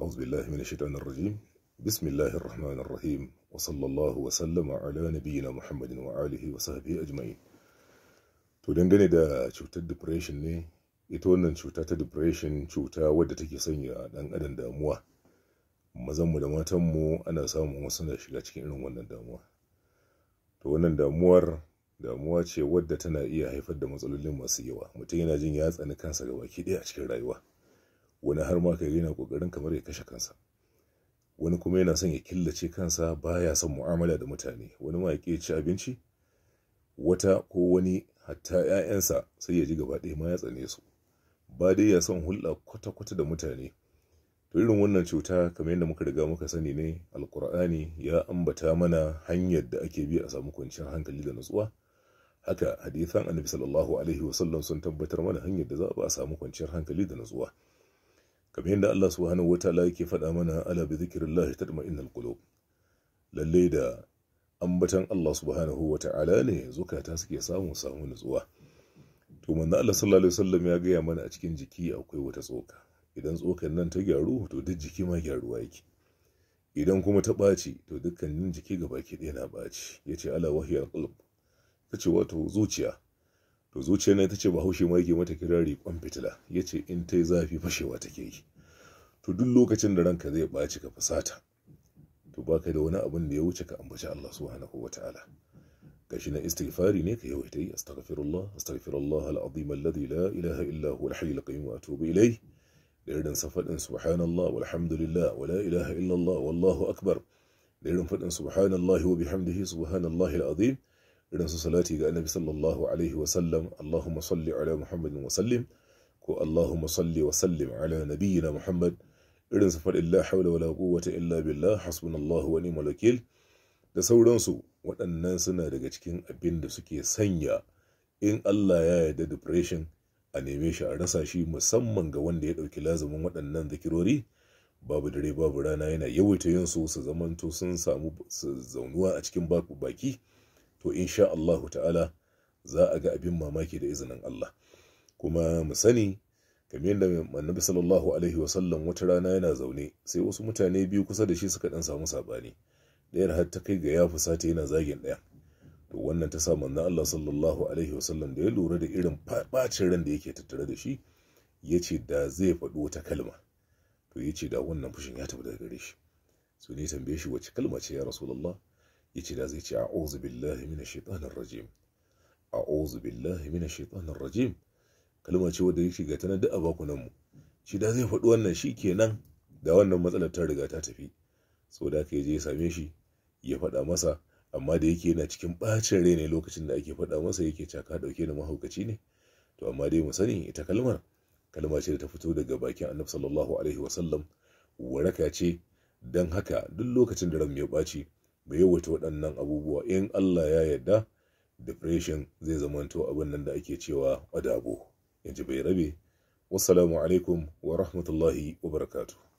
أعوذ بالله من الشيطان الرجيم بسم الله الرحمن الرحيم وصلى الله وسلم على نبينا محمد وآله وصحبه أجمعين to dangane da cutar depression ne ita wannan cuta ta depression cuta wadda take sanya dan adam damuwa mu da matan mu ana samun wasu na shiga cikin irin wannan damuwa to wannan damuwar damuwa ce wadda tana iya haifar da matsalolin masu yawa mutum yana jin ya tsani kansa ga baki ɗaya a cikin rayuwa wani har ma kaga yana kokarin kamar ya kashe kansa wani kuma yana son ya killace kansa baya son mu'amala da mutane wani ma ya ci abinci wata ko wani hatta 'ya'yansa sai ya ji gaba ɗaya ma ya tsane su ba dai ya son hulɗa kwata-kwata da mutane to irin wannan cuta kamar yadda muka riga muka sani ne alkur'ani ya ambata mana hanyar da ake bi a samu kwanciyar hankali da nutsuwa haka hadisan annabi sallallahu alaihi wasallam sun tabbatar mana hanyar da za a samu kwanciyar hankali da nutsuwa kamar yadda Allah subhanahu wataala yake faɗa mana ala bi zikrillah tatma'innul qulub lalle da ambatan Allah subhanahu ta'ala ne zukata suke samu samu nutsuwa to manzo Allah sallallahu alaihi wasallam ya gaya mana a cikin jiki akwai wata tsoka idan tsokan nan ta gyaru to duk jiki ma gyaruwa yake idan kuma ta ɓaci to dukkanin jiki gaba ɗaya na ɓaci yace ala wahiyar qalb tace wato zuciya to zuciyar na ita ce bahaushe ma yake mata kirari kwan fitila ya ce in ta yi zafi fashewa take yi to duk lokacin da ranka zai ɓaci ka fasata to ka da wani abin da ya wuce ka ambaci Allah subhanahu wa ta'ala gashi na istighfari ne ka yawaita yi astaghfirullah astaghfirullah al-azim alladhi la ilaha illa huwa al-hayy al-qayyum wa atubu ilayh da irin sa fadin subhanallah walhamdulillah wa la ilaha illa Allah wallahu akbar da irin fadin subhanallah wa bihamdihi subhanallah al-azim irin su salati ga annabi sallallahu alaihi sallam Allahumma salli ala Muhammad wa sallim ko Allahumma salli wa sallim ala nabiyyina Muhammad irin su faɗin la haula wala quwwata illa billah hasbunallahu wa ni'mal wakil da sauransu waɗannan suna daga cikin abin da suke sanya in Allah ya yarda depression a neme shi a rasa shi musamman ga wanda ya ɗauki lazumin waɗannan zikirori babu dare babu rana yana yawaita yin su su zamanto sun samu zaunuwa a cikin baki to insha Allahu ta'ala za a ga abin mamaki da izinin Allah kuma mu sani kamar yadda annabi sallallahu alaihi sallam wata rana yana zaune sai wasu mutane biyu kusa da shi suka dan samu sabani daya har ta kai ga ya fusata yana zagin ɗaya to wannan ta sa manzon Allah sallallahu alaihi sallam da ya lura da irin bacin ran da yake tattare da shi yace da zai faɗo wata kalma to yace da wannan fushin ya tafi daga gare shi su ne tambaye shi wace kalma ce ya rasulullah yace da zai ce a'udhu billahi mina shaitanir rajim billahi rajim kalma ce wadda yake shiga tana duk a mu shi da zai faɗi wannan shi kenan da wannan matsalar ta riga ta tafi so da ka je ya same shi ya faɗa masa amma da yake yana cikin ɓacin rai ne lokacin da ake faɗa masa yake caka ɗauke da mahaukaci ne to amma dai mu sani ita kalmar kalma ce da ta fito daga bakin annabi sallallahu alaihi sallam. waraka ce dan haka duk lokacin da ran ya ɓaci yi wata waɗannan abubuwa in Allah ya yadda depression zai zamanto abin nan da ake cewa adabo in ji bai rabe wassalamu alaikum wa rahmatullahi wa barakatuh